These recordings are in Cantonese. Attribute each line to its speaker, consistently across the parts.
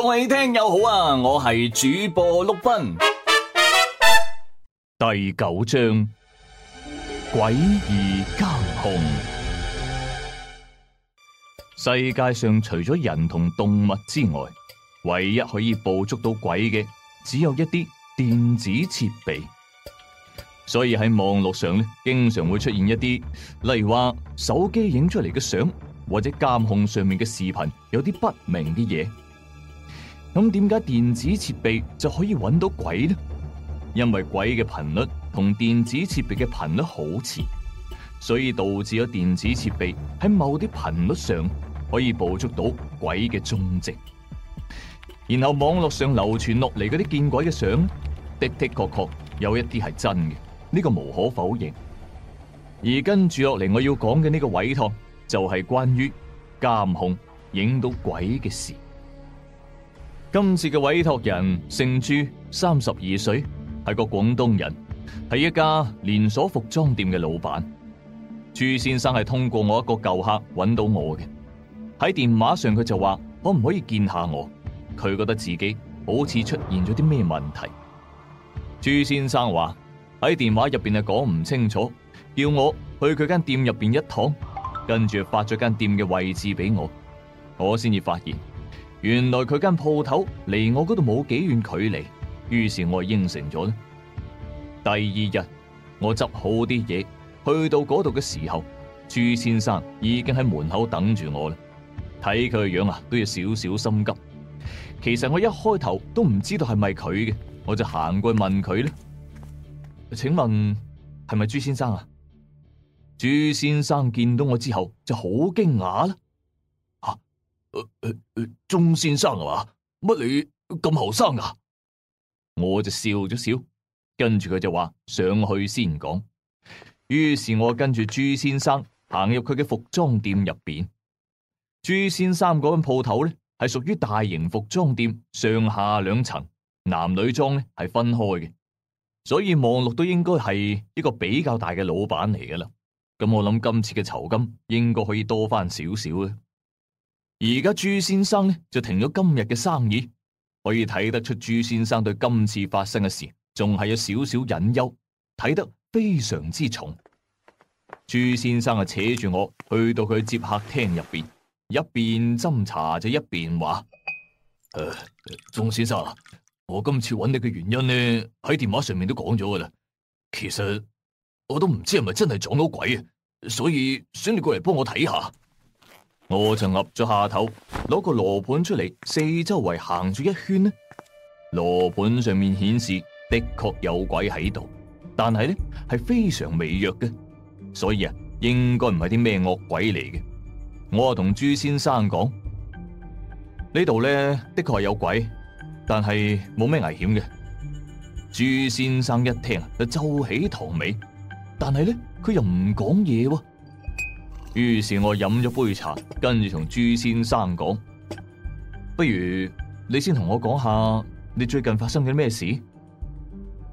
Speaker 1: 各位聽友好啊！我係主播碌斌。第九章：詭異監控。世界上除咗人同動物之外，唯一可以捕捉到鬼嘅，只有一啲電子設備。所以喺網絡上呢，經常會出現一啲，例如話手機影出嚟嘅相，或者監控上面嘅視頻，有啲不明嘅嘢。咁點解電子設備就可以揾到鬼呢？因為鬼嘅頻率同電子設備嘅頻率好似，所以導致咗電子設備喺某啲頻率上可以捕捉到鬼嘅蹤跡。然後網絡上流傳落嚟嗰啲見鬼嘅相，的的確確有一啲係真嘅，呢個無可否認。而跟住落嚟我要講嘅呢個委託，就係關於監控影到鬼嘅事。今次嘅委託人姓朱，三十二歲，係個廣東人，係一家連鎖服裝店嘅老闆。朱先生係通過我一個舊客揾到我嘅。喺電話上佢就話可唔可以見下我？佢覺得自己好似出現咗啲咩問題。朱先生話喺電話入邊啊講唔清楚，叫我去佢間店入邊一趟，跟住發咗間店嘅位置俾我，我先至發現。原來佢間鋪頭離我嗰度冇幾遠距離，於是我應承咗啦。第二日我執好啲嘢，去到嗰度嘅時候，朱先生已經喺門口等住我啦。睇佢個樣啊，都有少少心急。其實我一開頭都唔知道係咪佢嘅，我就行過去問佢咧。請問係咪朱先生啊？朱先生見到我之後就好驚訝啦。鍾、呃、先生係咪？乜你咁後生啊？我就笑咗笑，跟住佢就話上去先講。於是我跟住朱先生行入佢嘅服裝店入邊。朱先生嗰間鋪頭咧，係屬於大型服裝店，上下兩層，男女裝咧係分開嘅，所以望落都應該係一個比較大嘅老闆嚟嘅啦。咁我諗今次嘅酬金應該可以多翻少少嘅。而家朱先生呢就停咗今日嘅生意，可以睇得出朱先生對今次發生嘅事仲係有少少隱憂，睇得非常之重。朱先生啊，扯住我去到佢接客廳入邊，一邊斟茶就一邊話：誒、呃，鐘先生啊，我今次揾你嘅原因呢，喺電話上面都講咗噶啦。其實我都唔知係咪真係撞到鬼啊，所以想你過嚟幫我睇下。我就岌咗下頭，攞個羅盤出嚟，四周圍行咗一圈呢。羅盤上面顯示的確有鬼喺度，但係呢係非常微弱嘅，所以啊，應該唔係啲咩惡鬼嚟嘅。我啊同朱先生講呢度呢的確係有鬼，但係冇咩危險嘅。朱先生一聽就皺起眼眉。但係呢佢又唔講嘢喎。於是我飲咗杯茶，跟住同朱先生講：不如你先同我講下你最近發生緊咩事。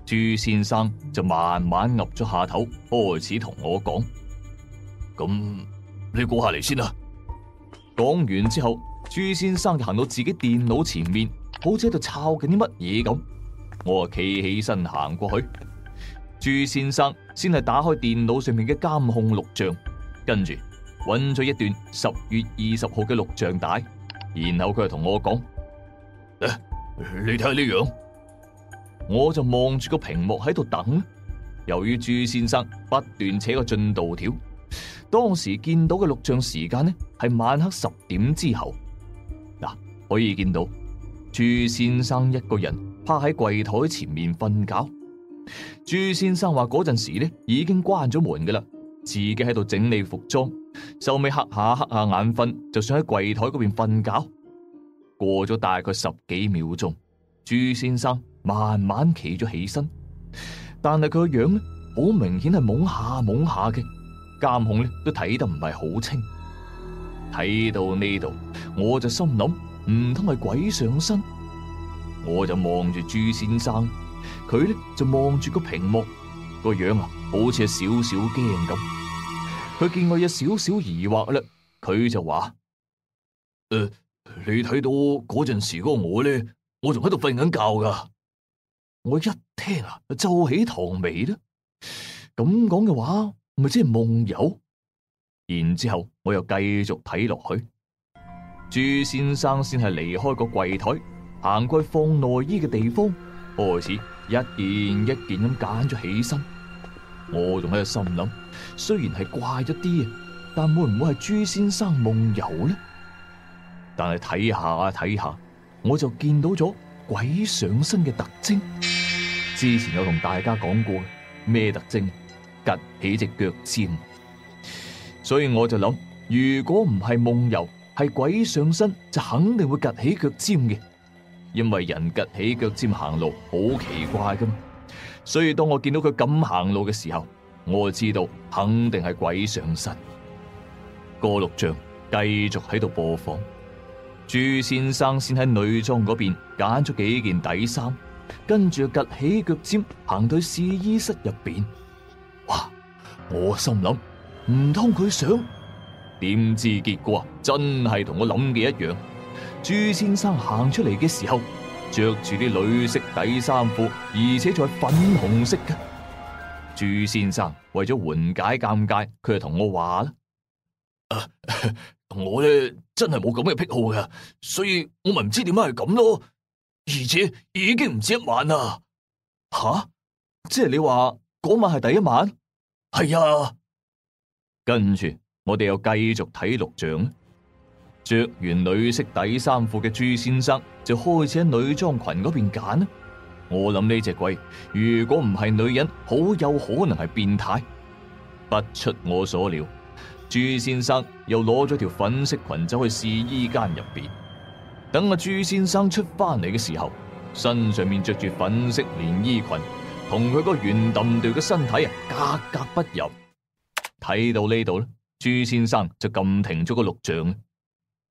Speaker 1: 朱先生就慢慢岌咗下頭，開始同我講：咁你估下嚟先啊！講完之後，朱先生就行到自己電腦前面，好似喺度抄緊啲乜嘢咁。我啊企起身行過去，朱先生先係打開電腦上面嘅監控錄像。跟住搵咗一段十月二十號嘅錄像帶，然後佢就同我講：誒、啊，你睇下呢樣？我就望住個屏幕喺度等。由於朱先生不斷扯個進度條，當時見到嘅錄像時間呢係晚黑十點之後。嗱，可以見到朱先生一個人趴喺櫃台前面瞓覺。朱先生話嗰陣時呢已經關咗門㗎喇。自己喺度整理服裝，收尾黑下黑下眼瞓，就想喺櫃台嗰邊瞓覺。過咗大概十幾秒鐘，朱先生慢慢企咗起身，但係佢個樣咧好明顯係懵下懵下嘅，監控咧都睇得唔係好清。睇到呢度，我就心諗，唔通係鬼上身？我就望住朱先生，佢咧就望住個屏幕。個樣啊，好似係少少驚咁。佢見我有少少疑惑啦，佢就話：誒、呃，你睇到嗰陣時個我咧，我仲喺度瞓緊覺噶。我一聽啊，就起糖眉啦。咁講嘅話，咪即係夢遊？然之後我又繼續睇落去，朱先生先係離開個櫃台，行過去放內衣嘅地方，開始一件一件咁揀咗起身。我仲喺度心諗，雖然係怪咗啲，但會唔會係朱先生夢遊呢？但係睇下呀睇下，我就見到咗鬼上身嘅特徵。之前有同大家講過咩特徵？趷起隻腳尖，所以我就諗，如果唔係夢遊，係鬼上身，就肯定會趷起腳尖嘅，因為人趷起腳尖行路好奇怪噶。所以當我見到佢咁行路嘅時候，我就知道肯定係鬼上身。個錄像繼續喺度播放，朱先生先喺女裝嗰邊揀咗幾件底衫，跟住夾起腳尖行到試衣室入邊。哇！我心諗唔通佢想，點知結果啊，真係同我諗嘅一樣。朱先生行出嚟嘅時候，着住啲女色底衫褲，而且仲係粉紅色嘅朱先生，為咗緩解尷尬，佢就同我話啦：誒、啊，我咧真係冇咁嘅癖好㗎，所以我咪唔知點解係咁咯。而且已經唔止一晚啦，吓、啊，即係你話嗰晚係第一晚，係啊。跟住我哋又繼續睇錄像。着完女式底衫褲嘅朱先生就開始喺女裝裙嗰邊揀啦。我諗呢隻鬼如果唔係女人，好有可能係變態。不出我所料，朱先生又攞咗條粉色裙走去試衣間入邊。等阿朱先生出翻嚟嘅時候，身上面着住粉色連衣裙，同佢個圓揼掉嘅身體啊，格格不入。睇到呢度咧，朱先生就撳停咗個錄像。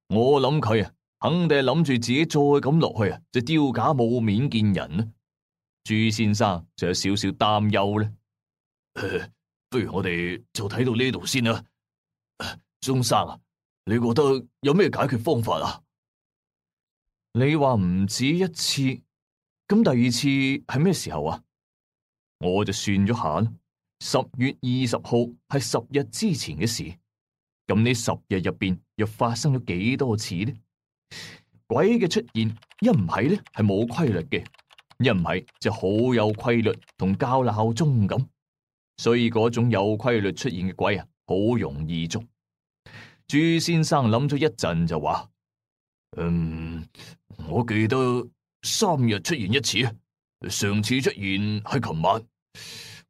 Speaker 1: 我諗佢啊，肯定係諗住自己再咁落去啊，就丟架冇面見人啦。朱先生就有少少擔憂咧、呃。不如我哋就睇到呢度先啦、呃。鍾生啊，你覺得有咩解決方法啊？你話唔止一次，咁第二次係咩時候啊？我就算咗下啦，十月二十號係十日之前嘅事。咁呢十日入邊，又發生咗幾多次呢？鬼嘅出現一唔係呢係冇規律嘅，一唔係就好有規律同較鬧鐘咁，所以嗰種有規律出現嘅鬼啊，好容易捉。朱先生諗咗一陣就話：嗯、um,，我記得三日出現一次，上次出現係琴晚，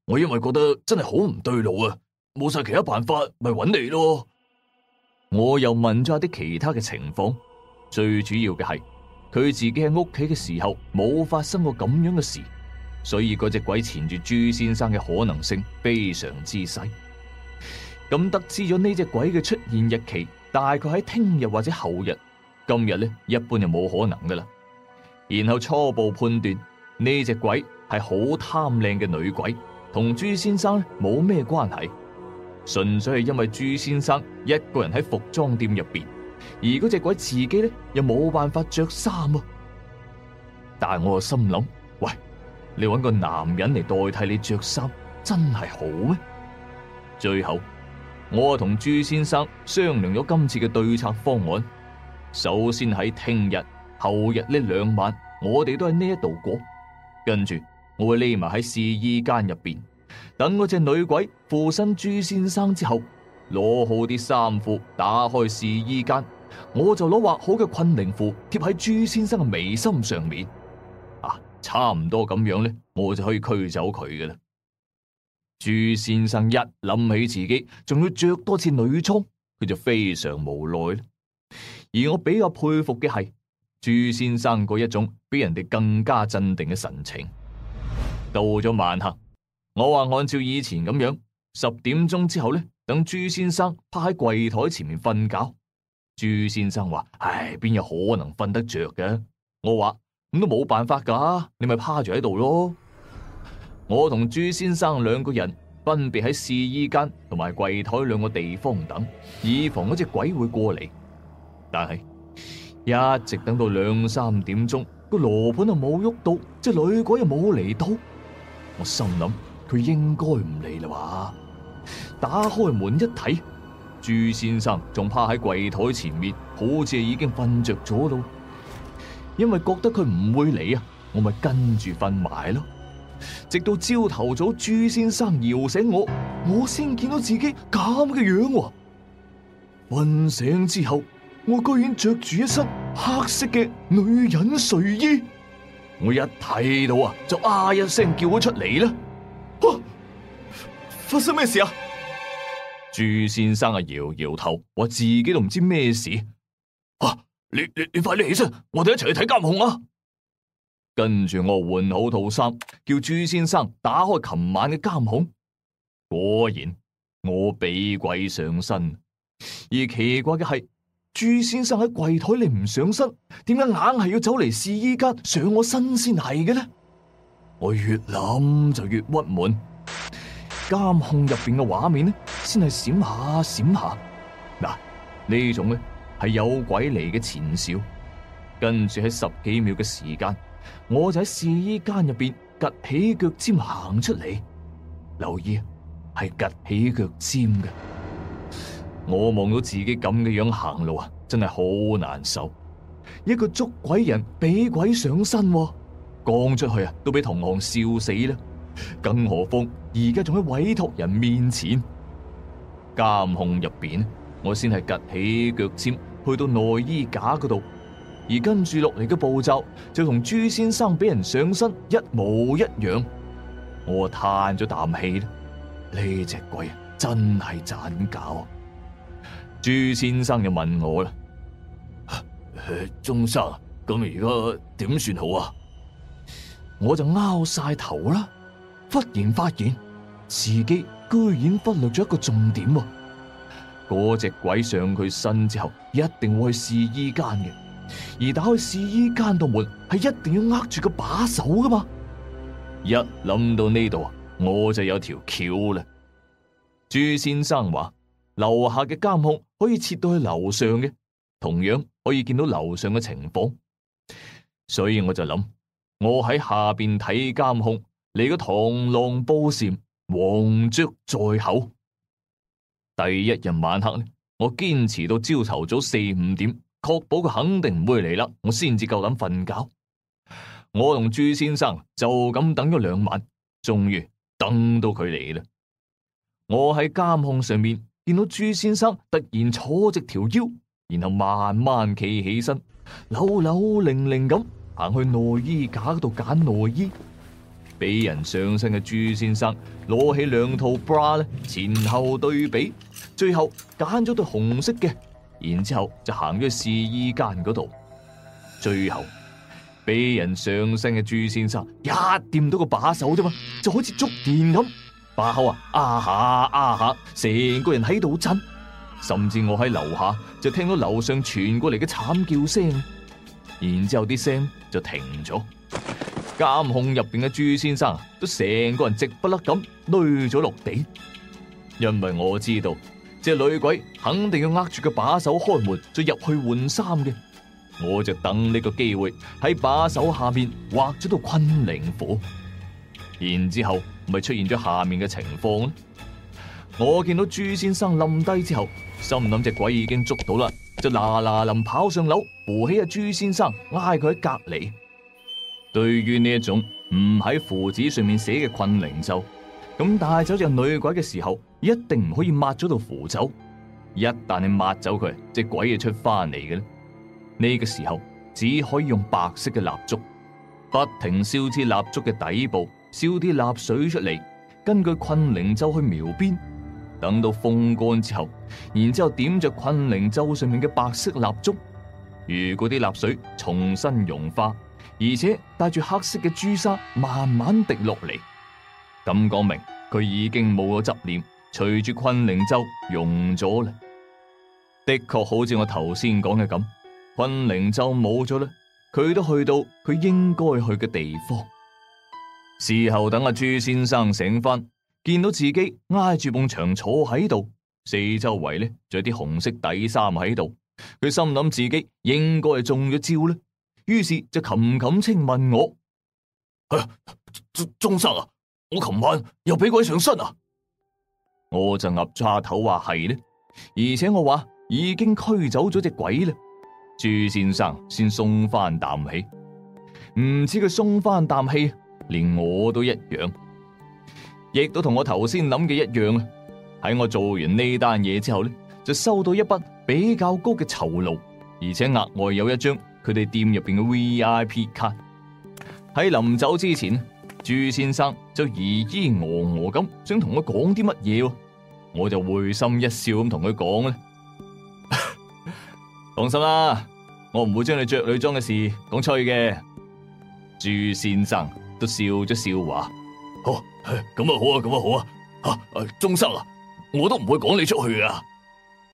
Speaker 1: 我因為覺得真係好唔對路啊，冇晒其他辦法，咪揾你咯。我又問咗下啲其他嘅情況，最主要嘅係佢自己喺屋企嘅時候冇發生過咁樣嘅事，所以嗰隻鬼纏住朱先生嘅可能性非常之細。咁得知咗呢隻鬼嘅出現日期，大概喺聽日或者後日，今日咧一般就冇可能噶啦。然後初步判斷呢隻鬼係好貪靚嘅女鬼，同朱先生冇咩關係。純粹係因為朱先生一個人喺服裝店入邊，而嗰隻鬼自己咧又冇辦法着衫啊！但係我又心諗：喂，你搵個男人嚟代替你着衫，真係好咩？最後，我同朱先生商量咗今次嘅對策方案。首先喺聽日，後日呢兩晚，我哋都喺呢一度過，跟住我會匿埋喺試衣間入邊。等嗰隻女鬼附身朱先生之後，攞好啲衫褲，打開試衣間，我就攞畫好嘅困靈符貼喺朱先生嘅眉心上面。啊，差唔多咁樣咧，我就可以驅走佢嘅啦。朱先生一諗起自己仲要着多次女裝，佢就非常無奈啦。而我比較佩服嘅係朱先生嗰一種比人哋更加鎮定嘅神情。到咗晚黑。我話按照以前咁樣，十點鐘之後咧，等朱先生趴喺櫃台前面瞓覺。朱先生話：唉，邊有可能瞓得着嘅？我話咁都冇辦法噶，你咪趴住喺度咯。我同朱先生兩個人分別喺試衣間同埋櫃台兩個地方等，以防嗰隻鬼會過嚟。但係一直等到兩三點鐘，個羅盤又冇喐到，隻女鬼又冇嚟到，我心諗。佢應該唔嚟啦嘛！打開門一睇，朱先生仲趴喺櫃台前面，好似係已經瞓着咗咯。因為覺得佢唔會嚟啊，我咪跟住瞓埋咯。直到朝頭早朱先生搖醒我，我先見到自己咁嘅樣喎。瞓醒之後，我居然着住一身黑色嘅女人睡衣，我一睇到啊，就啊一聲叫咗出嚟啦。發生咩事啊？朱先生啊，搖搖頭，我自己都唔知咩事。啊，你你你快啲起身，我哋一齊去睇監控啊！跟住我換好套衫，叫朱先生打開琴晚嘅監控。果然我俾鬼上身，而奇怪嘅係，朱先生喺櫃台你唔上身，點解硬係要走嚟試衣間上我身先係嘅呢？我越諗就越鬱悶，監控入邊嘅畫面咧，先係閃下閃下。嗱，種呢種咧係有鬼嚟嘅前兆。跟住喺十幾秒嘅時間，我就喺試衣間入邊趷起腳尖行出嚟。留意啊，係趷起腳尖嘅。我望到自己咁嘅樣行路啊，真係好難受。一個捉鬼人俾鬼上身啊。講出去啊，都俾同行笑死啦！更何況而家仲喺委託人面前，監控入邊，我先係夾起腳尖去到內衣架嗰度，而跟住落嚟嘅步驟就同朱先生俾人上身一模一樣。我嘆咗啖氣，呢隻鬼真係盞搞！朱先生就問我啦：鐘、 呃、生，咁而家點算好啊？我就拗晒頭啦，忽然發現自己居然忽略咗一個重點哦。嗰隻鬼上佢身之後，一定會去試衣間嘅，而打開試衣間度門係一定要握住個把手噶嘛。 一諗到呢度啊，我就有條橋啦。朱先生話樓下嘅監控可以切到去樓上嘅，同樣可以見到樓上嘅情況，所以我就諗。我喺下邊睇監控，嚟個螳螂捕蟬，黃雀在後。第一日晚黑呢，我堅持到朝頭早四五點，確保佢肯定唔會嚟啦，我先至夠膽瞓覺。我同朱先生就咁等咗兩晚，終於等到佢嚟啦。我喺監控上面見到朱先生突然坐直條腰，然後慢慢企起身，扭扭擰擰咁，行去內衣架嗰度揀內衣，俾人上身嘅朱先生攞起兩套 bra 咧，前後對比，最後揀咗對紅色嘅，然之後就行咗去試衣間嗰度。最後俾人上身嘅朱先生一掂到個把手啫嘛，就好似觸電咁，把口啊，啊下啊，下，啊，成個人喺度震，甚至我喺樓下就聽到樓上傳過嚟嘅慘叫聲。然之後啲聲就停咗，監控入邊嘅朱先生都成個人直不甩咁，累咗落地。因為我知道，隻女鬼肯定要握住個把手開門再入去換衫嘅，我就等呢個機會喺把手下面畫咗道困靈符。然之後咪出現咗下面嘅情況咯。我見到朱先生冧低之後。心諗隻鬼已經捉到啦，就嗱嗱臨跑上樓扶起阿朱先生，拉佢喺隔離。對於呢一種唔喺符紙上面寫嘅困靈咒，咁帶走隻女鬼嘅時候，一定唔可以抹咗度符咒。一旦你抹走佢，隻鬼就出翻嚟嘅咧。呢、呢個時候只可以用白色嘅蠟燭，不停燒支蠟燭嘅底部，燒啲蠟水出嚟，根據困靈咒去描邊。等到風乾之後，然之後點着昆靈舟上面嘅白色蠟燭，如果啲蠟水重新融化，而且帶住黑色嘅朱砂慢慢滴落嚟，咁講明佢已經冇咗執念，隨住昆靈舟溶咗啦。的確，好似我頭先講嘅咁，昆靈舟冇咗啦，佢都去到佢應該去嘅地方。事後等阿、啊、朱先生醒翻。見到自己挨住埲牆坐喺度，四周圍咧着啲紅色底衫喺度，佢心諗自己應該係中咗招咧，於是就擒擒青問我：誒，鍾生啊，生我琴晚又俾鬼上身啊！我就岌住下頭話係咧，而且我話已經驅走咗隻鬼啦，朱先生先鬆翻啖氣，唔止佢鬆翻啖氣，連我都一樣。亦都同我頭先諗嘅一樣啊！喺我做完呢單嘢之後咧，就收到一筆比較高嘅酬勞，而且額外有一張佢哋店入邊嘅 VIP 卡。喺臨走之前，朱先生就疑疑鵝鵝咁想同我講啲乜嘢，我就會心一笑咁同佢講咧： 放心啦，我唔會將你着女裝嘅事講出去嘅。朱先生都笑咗笑話，好、哦。咁啊好啊，咁啊好啊，吓、啊、誒，鍾生啊，我都唔會趕你出去啊。